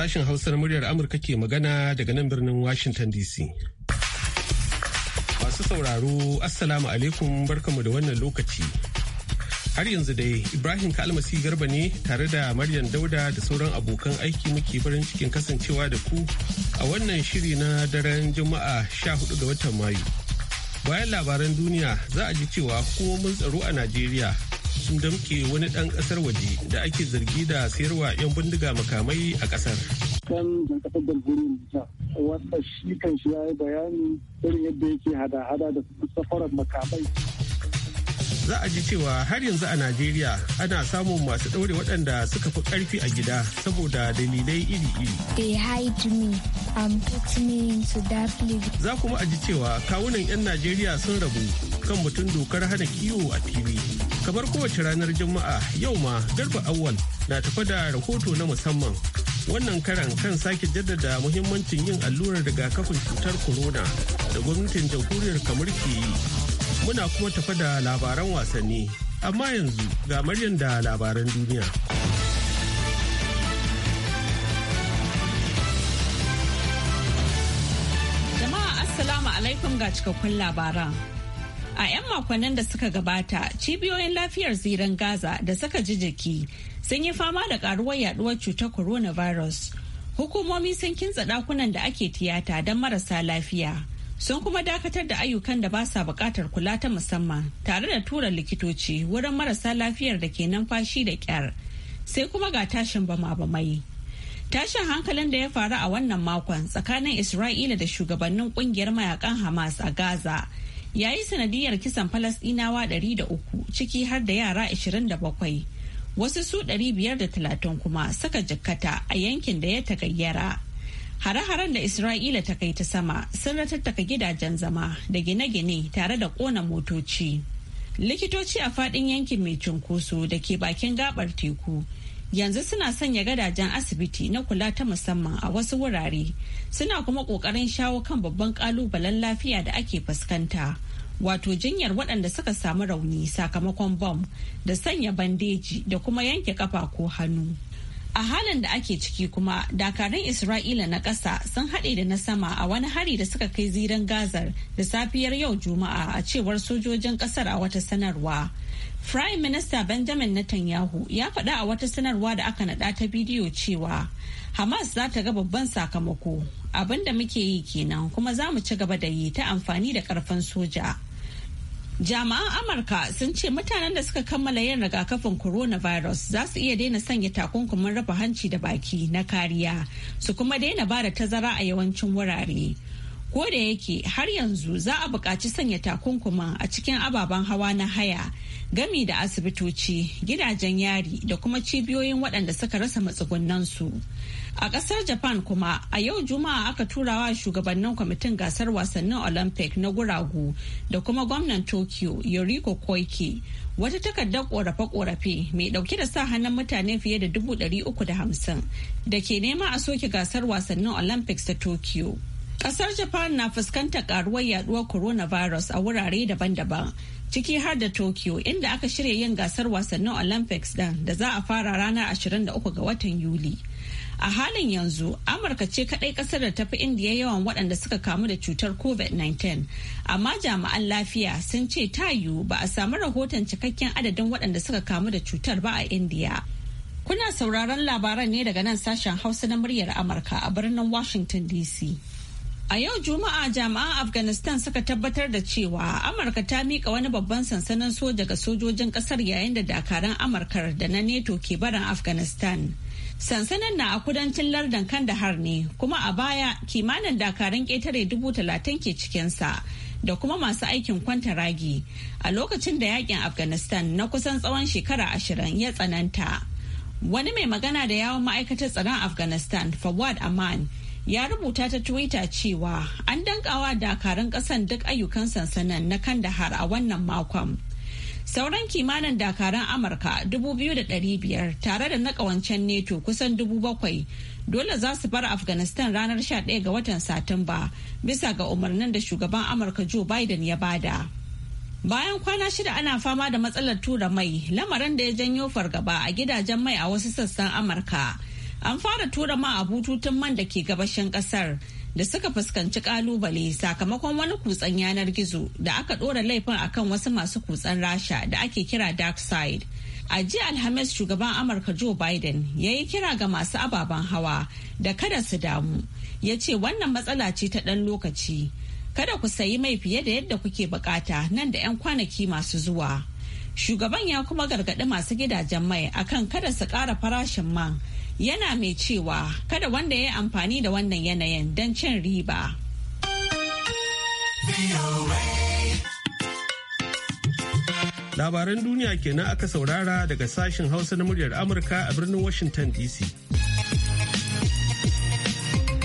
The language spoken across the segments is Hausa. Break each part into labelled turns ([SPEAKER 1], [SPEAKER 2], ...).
[SPEAKER 1] Sashen Hausar muryar Amurka ke magana daga nan birnin Washington DC. Masu sauraro, Assalamu alaikum barkamu da wannan lokaci. Har yanzu dai Ibrahim Kalmasi Garba ne tare da Maryam Dauda da sauran abokan aiki muke farin cikin kasancewa da ku a wannan shiri na daren Juma'a 14 ga watan Mayu. Bayan labaran duniya za a ji cewa hukumomin tsaro a Najeriya sun damke wani ɗan ƙasar waje da ake zargi da sayarwa 'yan bindiga makamai a ƙasar.
[SPEAKER 2] Kan jamhuriyar dalburin wanda shi kan shi ya yi bayani irin yadda yake hada-hada da safarar makamai.
[SPEAKER 1] Za a ji cewa har yanzu a Najeriya ana samun masu ɗaure waɗanda suka fi ƙarfi a gida saboda dalilai iri-iri.
[SPEAKER 3] They hide me and um, put me into that place.
[SPEAKER 1] Za kuma a ji cewa kawunan 'yan Najeriya sun rabu kan mutum dokar hana kiwo a fili. kamar kowace ranar juma'a yau ma garba awwal na tafa da rahoto na musamman wannan karan kan sake jaddada muhimmancin yin allurar rigakafin cutar corona da gwamnatin jamhuriyar kamar ke yi muna kuma tafa da labaran wasanni amma yanzu ga maryan da labaran duniya
[SPEAKER 3] jama'a assalamu alaikum ga cikakkun labaran A 'yan makonnin da suka gabata, cibiyoyin lafiyar ziran Gaza da suka ji jiki sun yi fama da karuwar yaduwar cutar coronavirus. Hukumomi sun kintsa dakunan da ake tiyata don marasa lafiya. Sun kuma dakatar da ayyukan da ba sa bukatar kula ta musamman tare da tura likitoci wurin marasa lafiyar da ke numfashi da kyar. Sai kuma ga tashin bama-bamai. Tashin hankalin da ya faru a wannan makon tsakanin Isra'ila da shugabannin kungiyar mayakan Hamas a Gaza. ya yi sanadiyar kisan falasdinawa 300 ciki har da yara 27 wasu su 530 kuma saka jikkata a yankin da ya tagayyara hare-haren da isra'ila ta kai ta sama sun ratattaka gidajen zama da gine-gine tare da kona motoci likitoci a fadin yankin mai cunkoso da ke bakin gabar teku yanzu suna sanya gadajen asibiti na kula ta musamman a wasu wurare suna kuma kokarin shawo kan babban kalubalen lafiya da ake fuskanta wato jinyar waɗanda suka samu rauni sakamakon bom da sanya bandeji da kuma yanke kafa ko hannu. a halin da ake ciki kuma dakarun isra'ila na ƙasa sun haɗe da na sama a wani hari da suka kai ziran gazar da safiyar yau juma'a a cewar sojojin ƙasar a wata sanarwa prime minister benjamin netanyahu ya faɗa a wata sanarwa da aka naɗa ta bidiyo cewa hamas za ta ga babban sakamako abin da muke yi kenan kuma za mu ci gaba da yi ta amfani da ƙarfin soja Jami'an Amurka sun ce mutanen da suka kammala yin rigakafin coronavirus za su iya daina sanya takunkumin rufe hanci da baki na kariya su kuma daina ba da tazara a yawancin wurare. Ko da yake har yanzu za a buƙaci sanya takunkuma a cikin ababen hawa na haya gami da asibitoci, gidajen yari da kuma cibiyoyin waɗanda suka rasa matsugunansu. A ƙasar Japan kuma a yau Juma'a aka turawa shugabannin kwamitin gasar wasannin Olympic na guragu da kuma gwamnan Tokyo Yoriko Koike wata takardar korafe-korafe mai ɗauke da sa hannun mutane fiye da dubu ɗari uku da hamsin da ke nema a soke gasar wasannin Olympics ta Tokyo. Ƙasar Japan na fuskantar karuwar yaduwar coronavirus a wurare daban-daban, ciki har da Tokyo inda aka shirya yin gasar wasannin Olympics ɗin da za a fara ranar 23 ga watan Yuli. A halin yanzu, Amurka ce kaɗai ƙasar da tafi indiya yawan waɗanda suka kamu da cutar COVID-19, amma jami'an lafiya sun ce ta yiwu ba a samu rahoton cikakken adadin waɗanda suka kamu da cutar ba a indiya. Kuna sauraron labaran ne daga nan sashen Hausa na muryar Amurka a birnin Washington DC. A yau Juma'a jami'an Afghanistan suka tabbatar da cewa Amurka ta mika wani babban sansanin soja ga sojojin kasar yayin da dakaran Amurkar da na NATO ke barin Afghanistan. Sansanin na a kudancin lardan Kandahar ne kuma a baya kimanin dakaran ƙetare dubu talatin ke cikinsa da kuma masu aikin kwanta ragi a lokacin da yakin Afghanistan na kusan tsawon shekara ashirin ya tsananta. Wani mai magana da yawon ma'aikatar tsaron Afghanistan Fawad Aman ya rubuta ta twitter cewa an dankawa dakarun kasan duk ayyukan sansanin na kandahar a wannan makon sauran kimanin dakaran amurka 2,500 tare da na kawancen neto kusan 7,000 dole za su bar afghanistan ranar 11 ga watan satumba bisa ga umarnin da shugaban amurka joe biden ya bada bayan kwana shida ana fama da matsalar tura mai lamarin da ya janyo fargaba a gidajen mai a wasu sassan amurka an fara tura ma a bututun man da ke gabashin kasar da suka fuskanci kalubale sakamakon wani kutsen yanar gizo da aka dora laifin akan wasu masu kutsen rasha da ake kira dark side a jiya alhamis shugaban amurka joe biden ya yi kira ga masu ababen hawa da kada su damu ya ce wannan matsala ce ta ɗan lokaci kada ku sayi mai fiye da yadda kuke bukata nan da 'yan kwanaki masu zuwa shugaban ya kuma gargaɗi masu gidajen mai akan kada su ƙara farashin man yana mai cewa kada wanda ya yi amfani da wannan yanayin don cin riba.
[SPEAKER 1] Labaran duniya kenan aka saurara daga sashen Hausa na muryar Amurka a birnin Washington DC.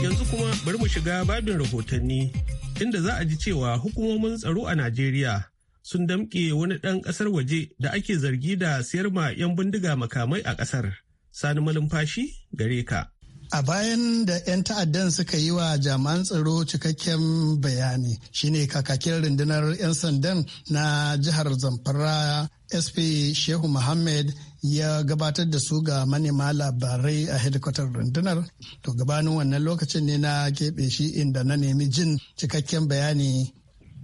[SPEAKER 1] Yanzu kuma bari mu shiga babin rahotanni inda za a ji cewa hukumomin tsaro a Najeriya sun damƙe wani ɗan ƙasar waje da ake zargi da siyar ma 'yan bindiga makamai a ƙasar. Sani Malumfashi gare ka.
[SPEAKER 4] A bayan da 'yan ta'addan suka yi wa jami'an tsaro cikakken bayani shine kakakin rundunar 'yan sandan na jihar Zamfara SP Shehu Muhammad ya gabatar da su ga manema labarai a hedikwatar rundunar. To gabanin wannan lokacin ne na keɓe shi inda na nemi jin cikakken bayani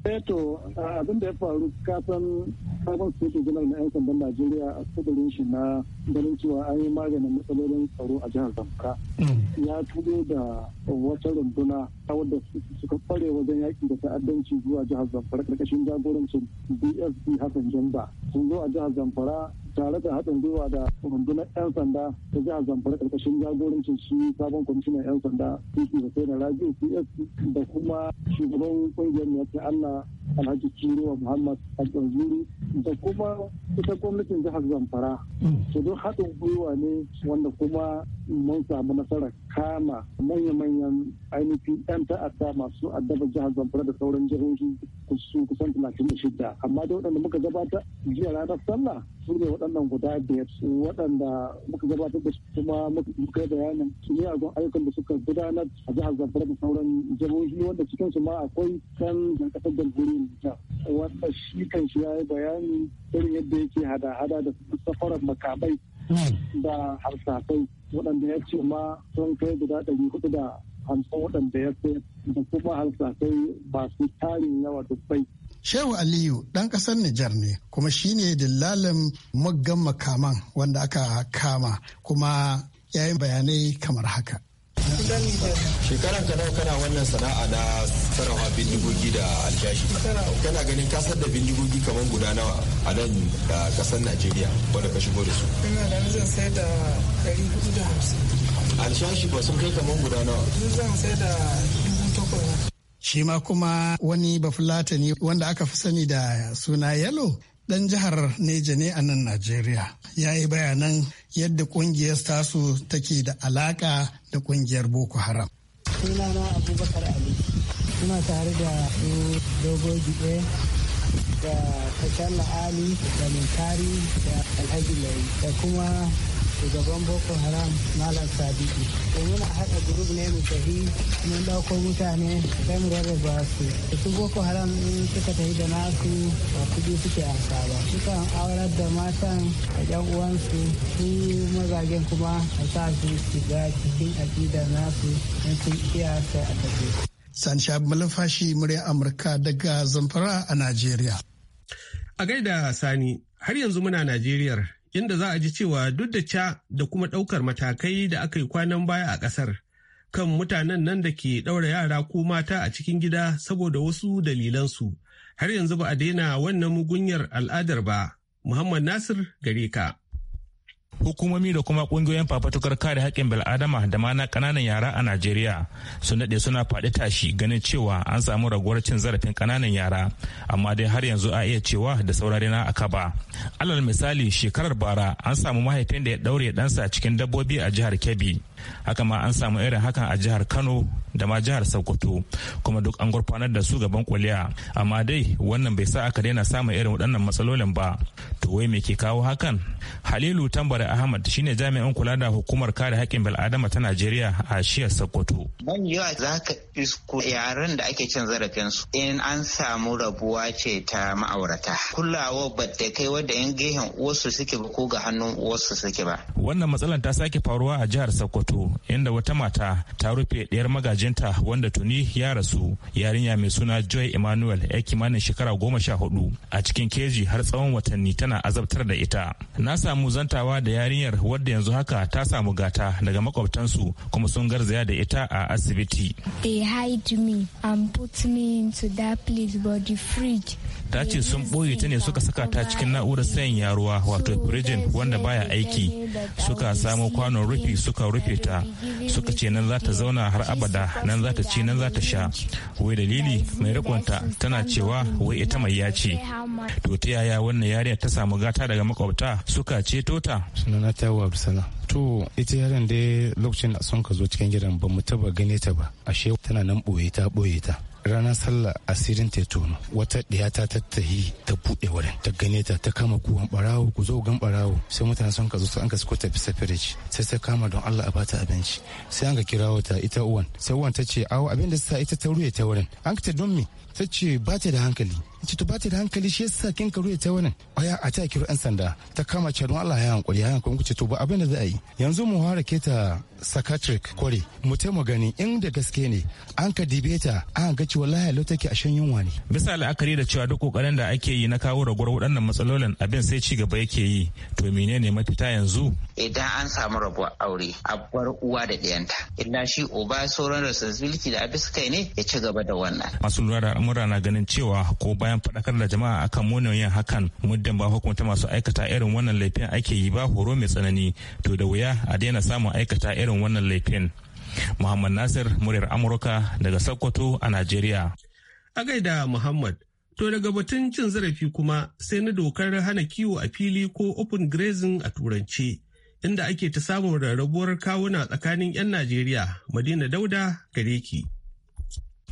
[SPEAKER 2] eto eh, abin da ya faru kafin kafin su ke gina na 'yan sandan najeriya a tsibirin shi na ganin cewa an yi maganin matsalolin tsaro a jihar zamfara mm. ya tudo da wata runduna ta wadda suka kware wajen yaƙi da ta'addanci zuwa jihar zamfara ƙarƙashin jagorancin bsb hassan jamba sun zo a jihar zamfara tare da haɗin gwiwa da rundunar 'yan sanda ta jihar zamfara ƙarƙashin jagorancin su sabon kwamishinan 'yan sanda cc hussein raji cs da kuma shugaban ƙungiyar mai ta allah alhaji kiriwa muhammad alƙanzuri da kuma ita gwamnatin jihar zamfara su mm. don haɗin gwiwa ne wanda kuma mun samu nasarar kama manya-manyan ainihin 'yan ta'adda masu addaba jihar zamfara da sauran jihohi su kusan talatin da shida amma da waɗanda muka gabata jiya ranar sallah su ne waɗannan guda biyar waɗanda muka gabatar da su kuma muka bayanin su ne agon ayyukan da suka gudanar a jihar zamfara da sauran jihohi wanda cikin su ma akwai kan ƙasar jamhuriyar nijar wanda shi kan shi ya yi bayani irin yadda yake hada-hada da safarar makamai hmm. da harsafai waɗanda ya ce ma sun kai guda ɗari hudu da hamsin waɗanda ya ce da kuma halsakai
[SPEAKER 4] ba su tarin yawa dubbai. Shehu Aliyu ɗan ƙasar Nijar ne kuma shi ne dillalin muggan makaman wanda aka kama kuma ya bayanai kamar haka.
[SPEAKER 1] shekaran ka nawa kana wannan sana'a na sarrafa bindigogi da aljashi kana ganin kasar da bindigogi kamar guda nawa a nan kasar najeriya wanda ka shigo da su
[SPEAKER 4] ina da zan sai da 450
[SPEAKER 1] aljashi ba sun kai kamar guda nawa zan sai da
[SPEAKER 4] shi ma kuma wani bafulatani wanda aka fi sani da suna yalo ɗan jihar Neja ne a nan Najeriya. Ya yi bayanan yadda ƙungiyar tasu take da alaƙa da ƙungiyar Boko Haram. Sunana Abubakar Ali, suna tare da su dogo da Tashalla Ali da Muntari da Alhaji Lai da kuma shugaban boko haram malam sadiki Domin a haɗa gurub ne mu tafi mun ɗauko mutane sai mu rarraba su su boko haram in suka tafi da nasu ba kuɗi suke ansa ba sukan aurar da matan a ƴan uwansu su mazajen kuma a sa su shiga cikin aƙidar nasu in sun iya sai a tafi. Sanshab Malafashi murya Amurka daga Zamfara a Najeriya.
[SPEAKER 1] A gaida Sani, har yanzu muna Najeriyar inda za a ji cewa duk da ca da kuma ɗaukar matakai da aka yi kwanan baya a ƙasar kan mutanen nan da ke ɗaura yara ko mata a cikin gida saboda wasu dalilansu har yanzu ba a daina wannan mugunyar al'adar ba.
[SPEAKER 5] Muhammad Nasir gare ka. hukumomi da kuma kungiyoyin fafatukar kare haƙƙin bil'adama da ma na ƙananan yara a najeriya su daɗe suna faɗi tashi ganin cewa an samu raguwar cin zarafin ƙananan yara amma dai har yanzu a iya cewa da saurare na aka ba alal misali shekarar bara an samu mahaifin da ya ɗaure ɗansa cikin dabbobi a jihar kebbi haka ma an samu irin hakan a jihar kano da ma jihar sokoto kuma duk an gurfanar da su gaban kuliya amma dai wannan bai sa aka daina samun irin waɗannan matsalolin ba to wai me ke kawo hakan halilu tambari ahmad shine jami'in kula da hukumar kare haƙƙin bil'adama ta najeriya a shiyar sokoto
[SPEAKER 6] ban yawa za ka isko yaren da ake cin
[SPEAKER 7] zarafin su in an samu rabuwa ce ta ma'aurata kulawa ba da kai wadda yan gehen uwarsu suke ba ko ga hannun uwarsu suke ba
[SPEAKER 5] wannan matsalar ta sake faruwa a jihar sokoto Sokoto inda wata mata ta rufe ɗayar magajinta wanda tuni ya rasu yarinya mai suna Joy Emmanuel ya kimanin shekara goma sha hudu a cikin keji har tsawon watanni tana azabtar da ita. Na samu zantawa da yarinyar wadda yanzu haka ta samu gata daga makwabtansu kuma sun garzaya da ita a asibiti.
[SPEAKER 3] They hide me me into that
[SPEAKER 5] ta ce sun ɓoye ta ne suka saka ta cikin na'urar sayan yaruwa wato firijin wanda baya aiki suka samo kwanon rufi suka rufe ta suka ce nan za ta zauna har abada nan za ta ci nan za ta sha wai dalili mai rikonta tana cewa wai ita mai ya ce to ta yaya wannan yarinya ta samu gata daga makwabta suka ceto ta
[SPEAKER 7] sunana ta to ita yaran dai lokacin sun ka zo cikin gidan ba mu taba gane ta ba ashe tana nan boye ta boye ta ranar sallah asirin ta tono wata ɗaya ta tattahi ta buɗe wurin ta gane ta ta kama kuwan barawo ku zo gan barawo sai mutane sun ka zo an ka suka tafi safirage sai ta kama don Allah a bata abinci sai an ka kirawo ta ita uwan sai uwan ta ce awo abin da sa ita ta ruye ta wurin an ka ta don me ta ce ba ta da hankali ce to ba ta da hankali shi yasa kin ka ruye ta wurin aya a ta kiro yan sanda ta kama ce don Allah ya hankali ya hankali ku ce to ba abin da za a yi yanzu mu hara ke ta psychiatric mutum mu gani in inda gaske ne an ka dibe ta an ga cewa lahiya take a shan yunwa ne
[SPEAKER 5] bisa la'akari da cewa duk kokarin da ake yi na kawo raguwar waɗannan matsalolin abin sai ci gaba yake yi to menene mafita yanzu
[SPEAKER 6] idan an samu rabuwa aure a bar uwa da ɗiyanta illa shi uba sauran responsibility da abin kai ne ya ci gaba da wannan
[SPEAKER 5] masu lura da al'amura na ganin cewa ko bayan faɗakar da jama'a akan munin yin hakan muddin ba hukunta masu aikata irin wannan laifin ake yi ba horo mai tsanani to da wuya a daina samun aikata irin irin wannan laifin. Muhammad Nasir muryar Amurka daga Sokoto a Najeriya.
[SPEAKER 1] A gaida Muhammad, to daga batun cin zarafi kuma sai na dokar hana kiwo a fili ko open grazing a turance. Inda ake ta samun rarrabuwar kawuna tsakanin 'yan Najeriya, Madina Dauda, gare ki.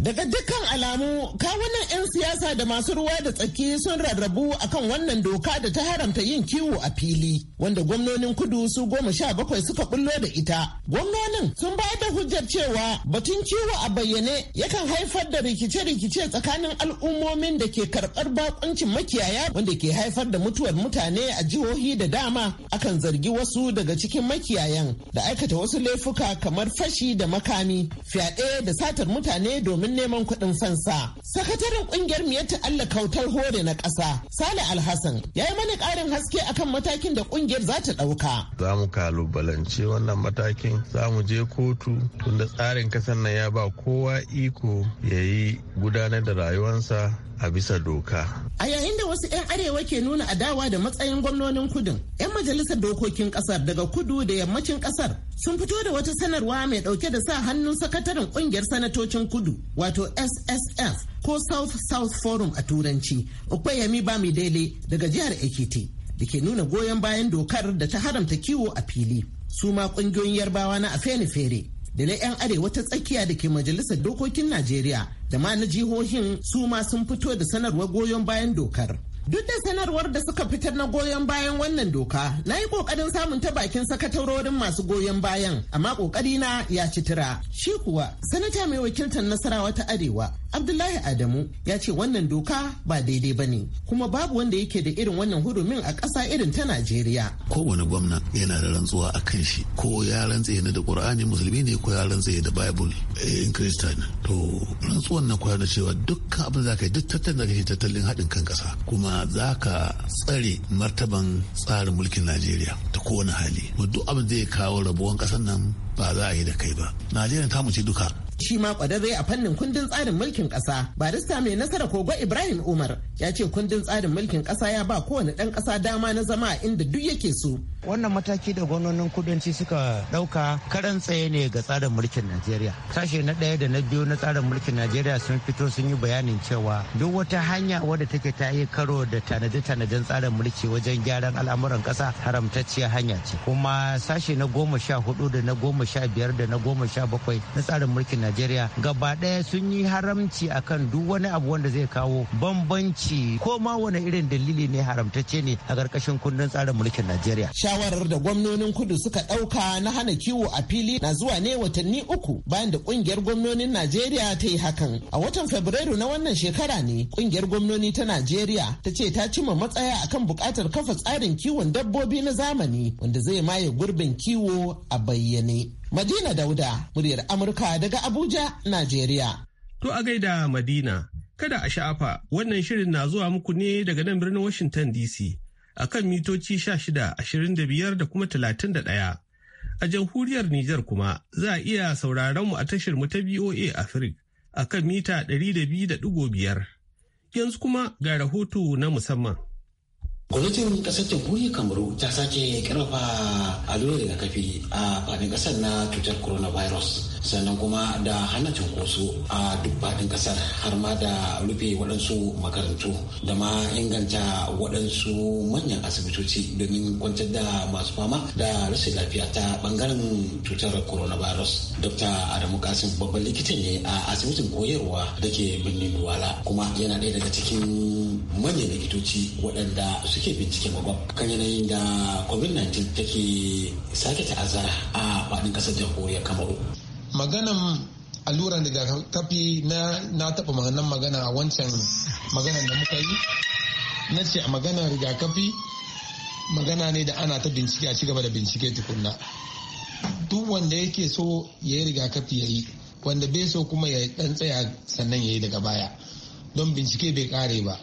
[SPEAKER 6] Daga dukkan alamu, kawunan 'yan siyasa da masu ruwa da tsaki sun rarrabu akan wannan doka da ta haramta yin kiwo a fili, wanda gwamnonin kudu su goma sha bakwai suka bullo da ita. Gwamnonin sun ba da hujjar cewa batun kiwo a bayyane yakan haifar da rikice-rikice tsakanin al'ummomin da ke karɓar bakuncin makiyaya wanda ke haifar da mutuwar mutane a jihohi da dama. Akan zargi wasu daga cikin makiyayan da aikata wasu laifuka kamar fashi da makami, fyaɗe da satar mutane domin domin neman kuɗin fansa. Sakataren ƙungiyar mu ta Allah kautar hore na ƙasa, Sale Alhassan, ya yi mana ƙarin haske akan matakin da ƙungiyar za ta ɗauka.
[SPEAKER 1] Za mu kalubalance wannan matakin, za mu je kotu tunda tsarin kasan nan ya ba kowa iko ya yi gudanar da rayuwarsa a bisa doka.
[SPEAKER 6] A yayin da wasu 'yan arewa ke nuna adawa da matsayin gwamnonin kudin, 'yan majalisar dokokin kasar daga kudu da yammacin kasar sun fito da wata sanarwa mai dauke da sa hannun sakataren kungiyar sanatocin kudu wato SSF ko South South Forum a turanci, Ukwayami Bami Dele daga jihar Ekiti da ke nuna goyon bayan dokar da ta haramta kiwo a fili. Su ma kungiyoyin yarbawa na Afenifere da na 'yan arewa ta tsakiya da ke majalisar dokokin Najeriya da ma na jihohin su ma sun fito da sanarwar goyon bayan dokar Duk da sanarwar da suka fitar na goyon bayan wannan doka, na yi kokarin samun ta bakin sakatarorin masu goyon bayan, amma kokari na ya ci tura. Shi kuwa, sanata mai wakiltar Nasarawa ta Arewa, Abdullahi Adamu, ya ce wannan doka ba daidai ba ne, kuma babu wanda yake da irin wannan hurumin a ƙasa irin ta Najeriya. Kowane gwamna
[SPEAKER 8] yana da rantsuwa a kan shi, ko ya rantse ne da Ƙur'ani musulmi ne ko ya rantse da Bible eh, in Kirista To rantsuwan na kwana cewa dukkan abin da ka yi duk tattalin da ka tattalin haɗin kan ƙasa kuma za ka tsare martaban tsarin mulkin najeriya ta kowane hali duk abin zai kawo rabuwan ƙasar nan ba za a yi da kai ba
[SPEAKER 6] najeriya ta mu duka shi ma kwararre a fannin kundin tsarin mulkin kasa barista mai nasara kogo ibrahim umar ya ce kundin tsarin mulkin kasa ya ba kowane ɗan kasa dama na zama a inda duk yake so wannan mataki da gwamnonin kudanci suka ɗauka karan tsaye ne ga tsarin mulkin najeriya sashe na ɗaya da na biyu na tsarin mulkin najeriya sun fito sun yi bayanin cewa duk wata hanya wadda take ta yi karo da tanade-tanaden tsarin mulki wajen gyaran al'amuran kasa haramtacciya hanya ce kuma sashe na goma sha hudu da na goma sha biyar da na goma sha bakwai na tsarin mulkin Najeriya gaba ɗaya sun yi haramci akan duk wani abu wanda zai kawo bambanci ko ma wani irin dalili ne haramtacce ne a ƙarƙashin kundin tsarin mulkin Najeriya. Shawarar da gwamnonin kudu suka ɗauka na hana kiwo a fili na zuwa ne watanni uku bayan da ƙungiyar gwamnonin Najeriya ta yi hakan. A watan Fabrairu na wannan shekara ne ƙungiyar gwamnoni ta Najeriya ta ce ta cima matsaya akan buƙatar kafa tsarin kiwon dabbobi na zamani wanda zai maye gurbin kiwo a bayyane. Madina Dauda, muryar Amurka daga Abuja, Najeriya.
[SPEAKER 1] To a gaida Madina, kada a sha'afa wannan shirin na zuwa muku ne daga nan birnin Washington DC a kan mitoci shida, 25 da kuma talatin da ɗaya. A jamhuriyar Nijar kuma za a iya sauraron mu a tashar mu ta BOA Africa a kan mita biyar, Yanzu kuma ga rahoto na musamman. gwamnatin kasar jamhuriyar kamaru ta sake karfa allurar rigakafi a faɗin ƙasar na
[SPEAKER 8] cutar coronavirus sannan kuma da hana cunkoso a duk faɗin ƙasar har ma da rufe waɗansu makarantu da ma inganta waɗansu manyan asibitoci domin kwantar da masu fama da rashin lafiya ta bangaren cutar coronavirus dr adamu kasim babban likita ne a asibitin koyarwa da ke birnin duwala kuma yana ɗaya daga cikin manyan likitoci waɗanda su suke binciken gwagwam kan yanayin da covid-19 take sake ta'azzara a faɗin ƙasar jamhuriyar kamaru
[SPEAKER 7] maganan alluran rigakafi na na taɓa maganan magana a wancan maganan da muka yi na ce a maganan rigakafi magana ne da ana ta bincike a cigaba da bincike tukunna duk wanda yake so ya yi rigakafi ya yi wanda bai so kuma ya dan tsaya sannan ya yi daga baya don bincike bai kare ba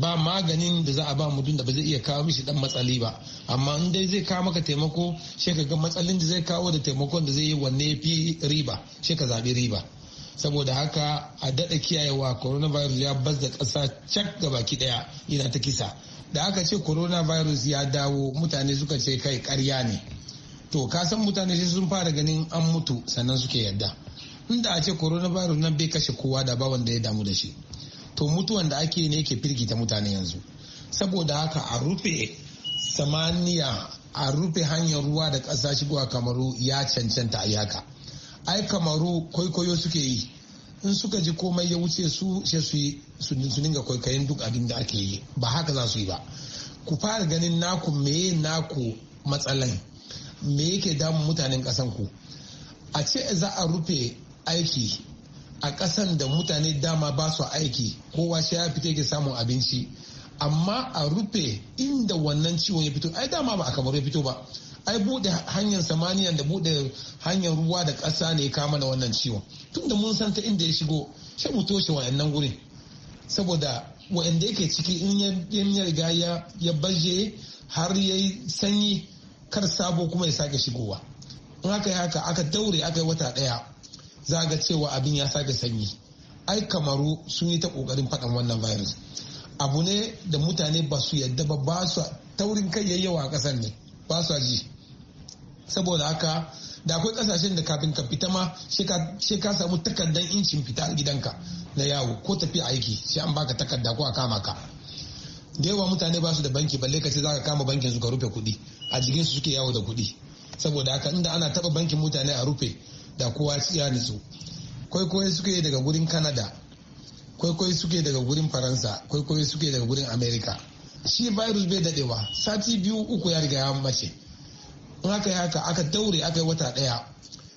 [SPEAKER 7] ba maganin da za a ba mutum da ba zai iya kawo mishi dan matsali ba amma in dai zai kawo maka taimako sai ka ga matsalin da zai kawo da taimakon da zai yi wanne fi riba sai ka zabi riba saboda haka a daɗa kiyayewa coronavirus ya bas da ƙasa cak ga baki ɗaya yana ta kisa da aka ce coronavirus ya dawo mutane suka ce kai karya ne to ka san mutane sai sun fara ganin an mutu sannan suke yadda inda a ce coronavirus nan bai kashe kowa da ba wanda ya damu da shi to mutuwan da ake ne ke firgita mutane yanzu saboda haka a rufe samaniya a rufe hanyar ruwa da ƙasa shigowa kamaru ya cancanta a yaka ai kamaru kwaikwayo suke yi in suka ji komai ya wuce su sai su yi su dinga kwaikwayon duk abin da ake yi ba haka za su yi ba ku fara ganin naku meye naku matsalan me yake damun mutanen ƙasan ku a ce za a rufe aiki a ƙasan da mutane dama ba su aiki kowa shi ya fita yake samun abinci amma a rufe inda wannan ciwon ya fito ai dama ba a kamar ya fito ba ai bude hanyar samaniya da bude hanyar ruwa da ƙasa ne kama da wannan ciwon tunda mun san ta inda ya shigo shi mu toshe wayannan gurin saboda wayanda yake ciki in ya riga ya baje har ya yi sanyi kar sabo kuma ya sake shigowa in aka yi haka aka daure aka yi wata ɗaya za ga cewa abin ya sake sanyi ai kamaru sun yi ta kokarin faɗan wannan virus abu ne da mutane ba su yadda ba ba su taurin kai yayyawa a ƙasar ne ba su ji saboda haka da akwai ƙasashen da kafin ka fita ma sai ka samu takardar incin fita a gidanka na yawo ko tafi aiki sai an baka takarda ko a kama ka da yawa mutane ba su da banki balle ka ce za ka kama bankin su ka rufe kuɗi a jikin su suke yawo da kuɗi saboda haka inda ana taba bankin mutane a rufe da kowa ya nutsu. kwaikwayo suke daga gurin canada kwaikwayo suke daga gurin faransa kwaikwayo suke daga gurin america shi virus bai dadewa sati biyu uku ya riga ya mace in aka yi haka aka daure aka yi wata daya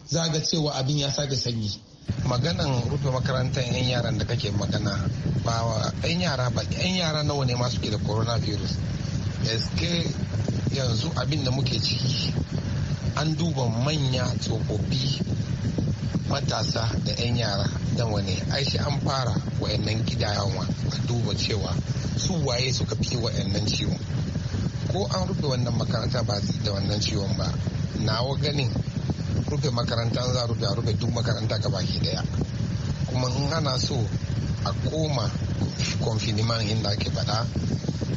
[SPEAKER 7] za ga cewa abin ya sake sanyi maganan rufe makarantar yan yaran da kake magana ba wa yan yara ba yan yara nawa ne masu ke da coronavirus eske yanzu abin da muke ciki an duba manya tsofaffi matasa da 'yan yara da wani aishi an fara wa'annan gidayawa a duba cewa su waye suka fi wa'annan ciwo ko an rufe wannan makaranta ba da wannan ciwon ba nawa ganin rufe makaranta za rufe a rufe duk makaranta ga baki daya kuma in ana so a koma konfiniman inda ake faɗa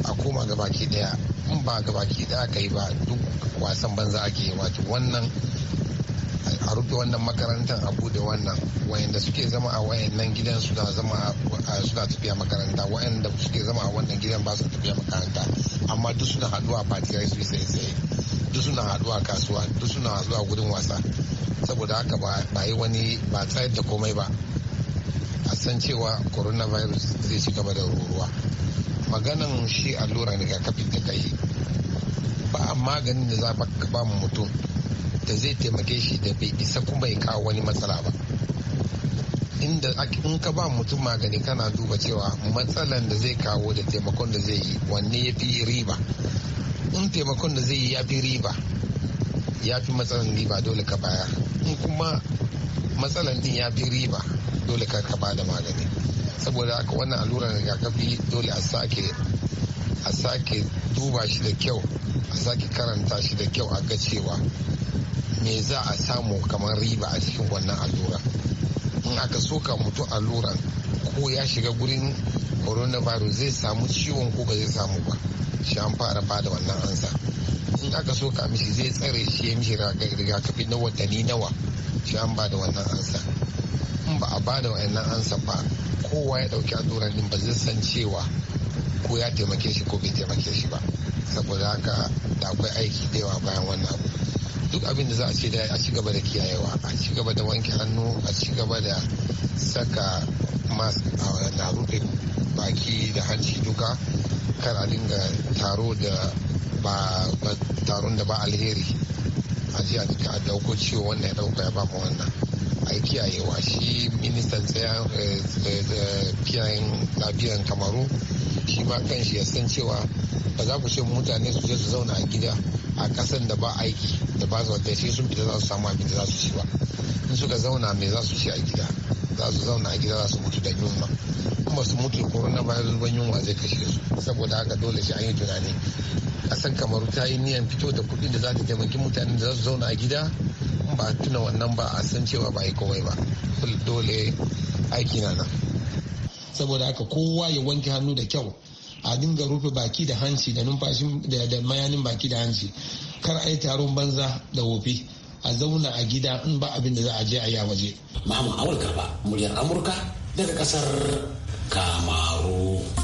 [SPEAKER 7] a koma ga baki daya in ba ga baki daya ka yi ba duk wasan banza ake wato wannan a rufe wannan makarantar a bude wannan wayanda suke zama a wayannan gidan suna zama suna tafiya makaranta wayanda suke zama a wannan gidan ba su tafiya makaranta amma duk suna haduwa a fatiyar su sai sai duk suna haduwa kasuwa duk suna haduwa gudun wasa saboda haka ba yi wani ba tsayar da komai ba a san cewa coronavirus zai ci gaba da ruruwa maganan shi allura kafin ta kai ba a maganin da za ba mu mutum da zai taimake shi da bai isa kuma ya kawo wani matsala ba inda in ka ba mutum magani kana duba cewa matsalan da zai kawo da taimakon da zai yi wanne ya fi riba in taimakon da zai yi ya fi riba ya fi matsalan riba dole ka baya in kuma matsalan din ya fi riba dole ka kaba da magani saboda haka wannan allurar rigakafi dole a sake a sake duba shi da kyau a sake karanta shi da kyau a ga cewa me za a samu kamar riba a cikin wannan allura in aka soka mutum alluran ko ya shiga gurin coronavirus zai samu ciwon ko ba zai samu ba shi an fara bada wannan ansa in aka soka mishi zai tsare shi ya mishi rigakafi na watanni nawa shi an bada wannan ansa in ba a bada wannan ansa ba kowa ya dauki allura din ba zai san cewa ko ya taimake shi ko bai taimake shi ba saboda haka da akwai aiki da yawa bayan wannan abu duk abin da za a ce da a ci gaba da kiyayewa a ci da wanke hannu a ci da saka mask na rufe baki da hanci duka kar a dinga taro da ba taron da ba alheri a ji a dauko ciwo wannan ya dauka ya ba mu wannan a kiyayewa shi ministan tsayan eh, eh, eh, lafiyan kamaru shi ma kan shi ya san cewa ba za ku ce mutane su je su zauna a gida a kasan da ba aiki da ba zuwa sai sun fita za su samu abin da za su ci ba in suka zauna mai za su ci a gida za su zauna a gida za su mutu da yunwa kuma su mutu coronavirus zuban yunwa zai kashe su saboda haka dole sai an yi tunani ƙasar kamaru ta yi niyan fito da kuɗin da za ta taimaki mutanen da za su zauna a gida in ba tuna wannan ba a san cewa ba yi komai ba dole aiki na nan saboda haka kowa ya wanke hannu da kyau a dinga rufe baki da hanci da numfashin da mayanin baki da hanci kar a yi taron banza da wofi a zauna a gida in ba abin da za a je a yi a waje.
[SPEAKER 8] Mahama ba Garba, muryar Amurka daga kasar Kamaru.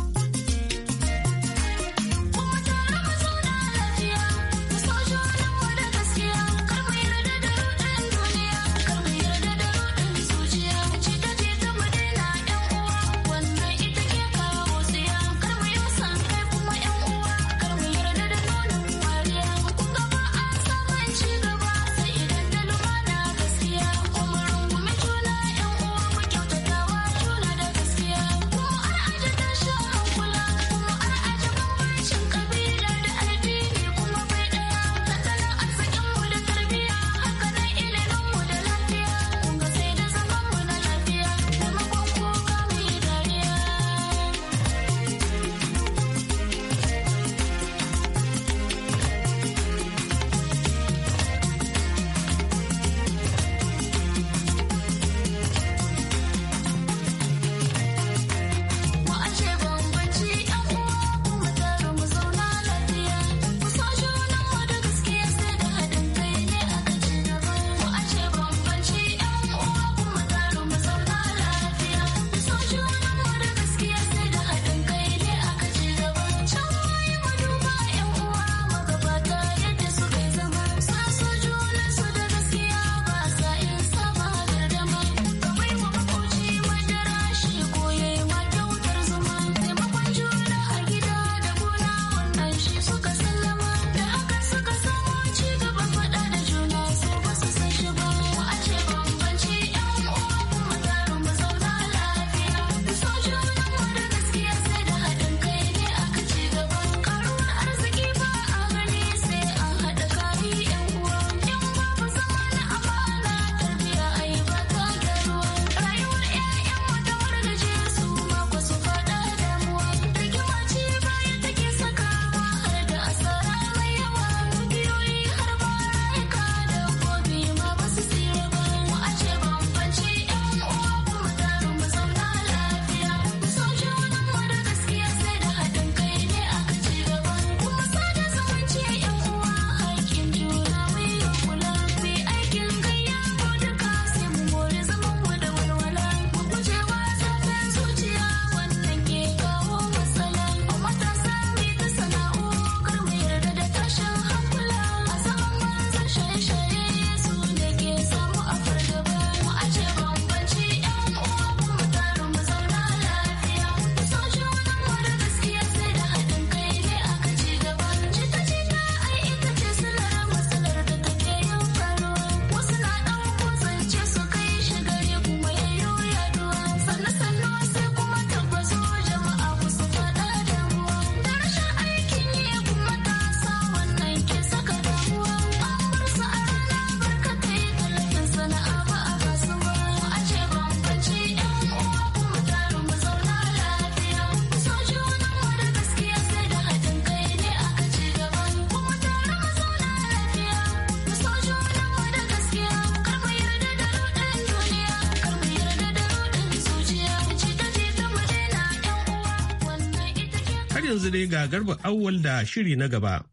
[SPEAKER 1] yanzu dai ga garba awwal da shiri na gaba.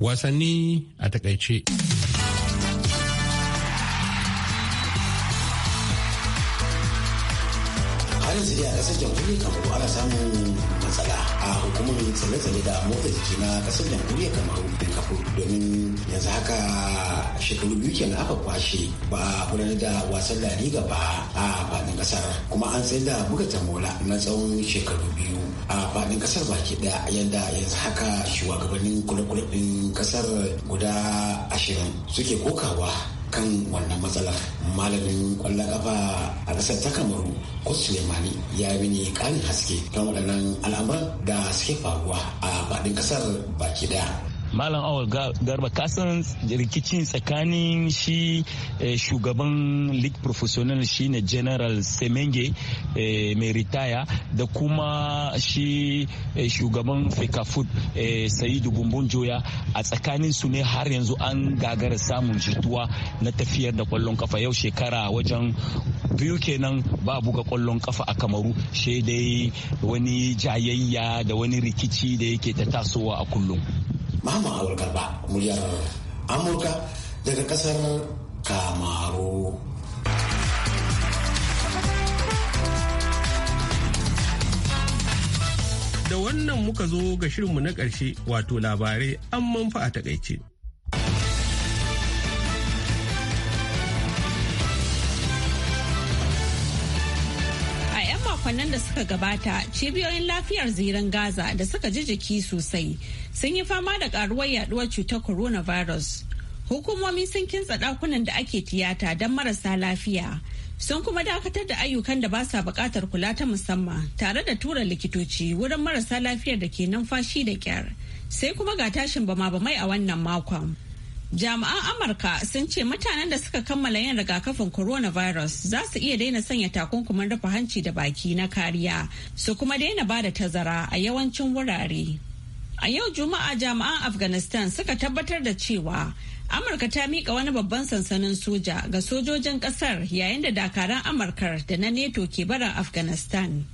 [SPEAKER 1] Wasanni a takaice.
[SPEAKER 8] Har yanzu dai a ƙasar jamhuriyar Kamaru wasannin tsalle da motsa jiki na kasar jamhuriyar kamar da kafu domin yanzu haka shekaru biyu kenan aka kwashe ba gudanar da wasan la liga ba a faɗin kasar kuma an tsayar da buga tamola na tsawon shekaru biyu a faɗin kasar baki ɗaya yadda yanzu haka shugabannin kula-kula ɗin kasar guda ashirin suke kokawa kan wannan matsala malamin kwallon kafa a kasar ta kamaru ko sulemani ya yi ne ƙarin haske kan waɗannan al'amuran da suke faruwa a faɗin ƙasar baki ɗaya
[SPEAKER 5] malam awal garba kasan rikicin tsakanin shi eh, shugaban league professional ne general semenge eh, mai ritaya da kuma shi eh, shugaban fekafut sa'idu bumbun joya a tsakanin su ne har yanzu an gagara samun jituwa na tafiyar da kwallon kafa yau shekara wajen biyu kenan ba buga kwallon kafa a kamaru shi dai wani jayayya da wani rikici da yake ta tasowa a kullum
[SPEAKER 7] Muhammad
[SPEAKER 8] Algarba muryar Amurka daga kasar Kamaru.
[SPEAKER 1] Da wannan muka zo ga shirinmu na ƙarshe wato labarai an manfa a takaice.
[SPEAKER 3] makonnan da suka gabata cibiyoyin lafiyar ziran gaza da suka ji jiki sosai sun yi fama da karuwar yaduwar cutar coronavirus hukumomi sun kintsa dakunan da ake tiyata don marasa lafiya sun kuma dakatar da ayyukan da ba sa bukatar kula ta musamman tare da tura likitoci wurin marasa lafiyar da ke numfashi da kyar sai kuma ga tashin bama mai a wannan makon Jami'an Amurka sun ce mutanen da suka kammala yin rigakafin coronavirus za su iya daina sanya takunkumin rufe hanci da baki na kariya su kuma daina ba da tazara a yawancin wurare. A yau Juma'a jami'an Afghanistan suka tabbatar da cewa Amurka ta mika wani babban sansanin soja ga sojojin ƙasar yayin da dakaran amurka da na neto ke barin Afghanistan.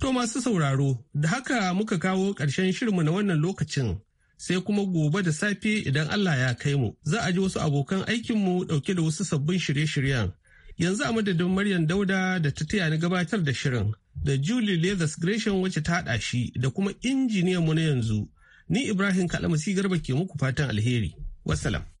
[SPEAKER 3] To
[SPEAKER 1] masu sauraro, da haka muka kawo ƙarshen shirinmu na wannan lokacin. sai kuma gobe da safe idan Allah ya kai mu za a ji wasu abokan aikinmu dauke da wasu sabbin shirye-shiryen. Yanzu a madadin Maryam Dauda da ta taya ni gabatar da shirin da Julie Leathers Gresham wacce ta haɗa shi da kuma injiniyan mu na yanzu. Ni Ibrahim Kalamasi Garba ke muku fatan alheri. Wassalam.